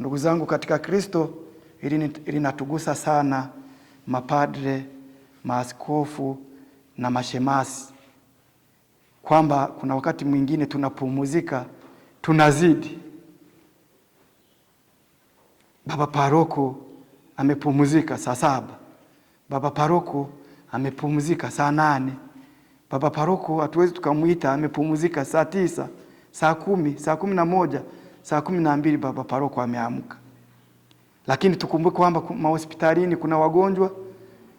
Ndugu zangu katika Kristo, hili linatugusa sana mapadre, maaskofu na mashemasi, kwamba kuna wakati mwingine tunapumuzika tunazidi. Baba paroko amepumuzika saa saba, baba paroko amepumuzika saa nane, baba paroko hatuwezi tukamwita amepumuzika saa tisa, saa kumi, saa kumi na moja saa kumi na mbili baba paroko ameamka. Lakini tukumbuke kwamba mahospitalini kuna wagonjwa,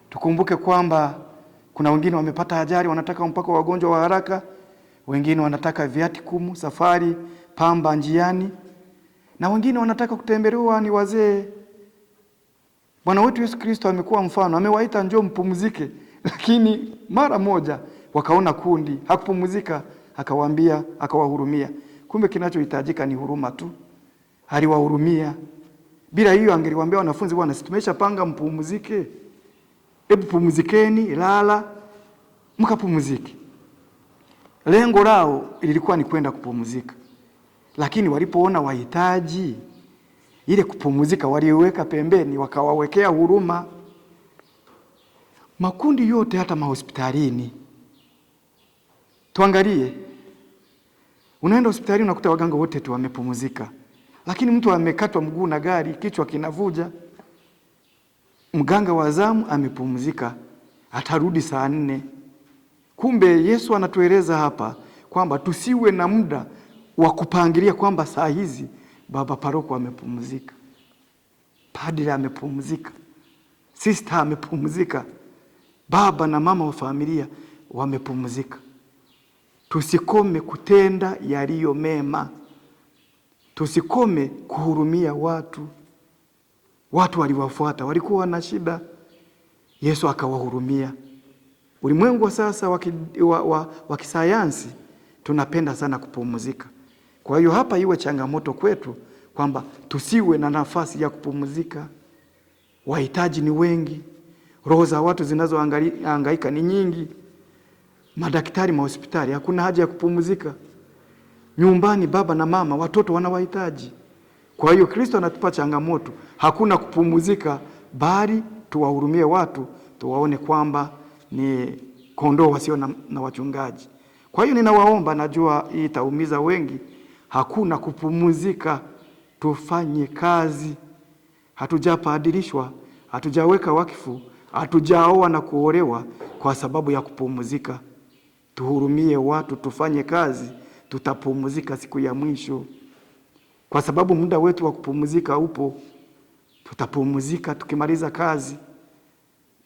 tukumbuke kwamba kuna wengine wamepata ajali, wanataka mpaka wagonjwa wa haraka, wengine wanataka viatikumu, safari pamba njiani, na wengine wanataka kutembelewa ni wazee. Bwana wetu Yesu Kristo amekuwa mfano, amewaita njoo mpumzike, lakini mara moja wakaona kundi, hakupumzika, akawaambia, akawahurumia. Kumbe kinachohitajika ni huruma tu, aliwahurumia. Bila hiyo angeliwaambia wanafunzi, bwana, si tumeshapanga mpumzike, hebu pumzikeni, lala mkapumzike. Lengo lao lilikuwa ni kwenda kupumzika, lakini walipoona wahitaji, ile kupumzika waliweka pembeni, wakawawekea huruma. Makundi yote hata mahospitalini tuangalie Unaenda hospitali unakuta waganga wote tu wamepumzika, lakini mtu amekatwa mguu na gari, kichwa kinavuja. Mganga wa zamu amepumzika, atarudi saa nne. Kumbe Yesu anatueleza hapa kwamba tusiwe na muda wa kupangilia kwamba saa hizi baba paroko amepumzika, padre amepumzika, sista amepumzika, baba na mama wa familia wamepumzika. Tusikome kutenda yaliyo mema, tusikome kuhurumia watu. Watu waliwafuata, walikuwa na shida, Yesu akawahurumia. Ulimwengu wa sasa wa kisayansi tunapenda sana kupumzika. Kwa hiyo hapa iwe changamoto kwetu kwamba tusiwe na nafasi ya kupumzika. Wahitaji ni wengi, roho za watu zinazohangaika ni nyingi madaktari mahospitali, hakuna haja ya kupumzika nyumbani. Baba na mama, watoto wanawahitaji. Kwa hiyo Kristo anatupa changamoto, hakuna kupumzika, bali tuwahurumie watu, tuwaone kwamba ni kondoo wasio na, na wachungaji. Kwa hiyo ninawaomba, najua hii itaumiza wengi, hakuna kupumzika, tufanye kazi. hatujapadirishwa hatujaweka wakifu hatujaoa na kuolewa kwa sababu ya kupumzika tuhurumie watu, tufanye kazi, tutapumzika siku ya mwisho, kwa sababu muda wetu wa kupumzika upo. Tutapumzika tukimaliza kazi,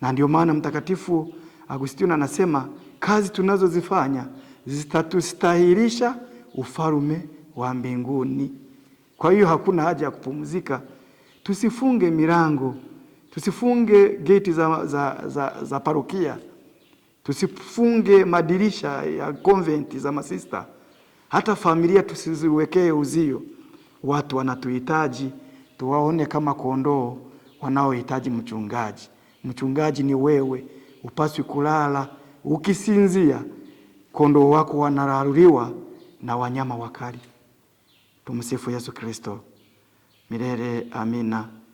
na ndio maana Mtakatifu Agustino anasema kazi tunazozifanya zitatustahilisha ufarume wa mbinguni. Kwa hiyo hakuna haja ya kupumzika. Tusifunge milango, tusifunge geti za, za, za, za parokia. Tusifunge madirisha ya convent za masista, hata familia tusiziwekee uzio. Watu wanatuhitaji, tuwaone kama kondoo wanaohitaji mchungaji. Mchungaji ni wewe, upaswi kulala ukisinzia. Kondoo wako wanararuliwa na wanyama wakali. Tumsifu Yesu Kristo milele. Amina.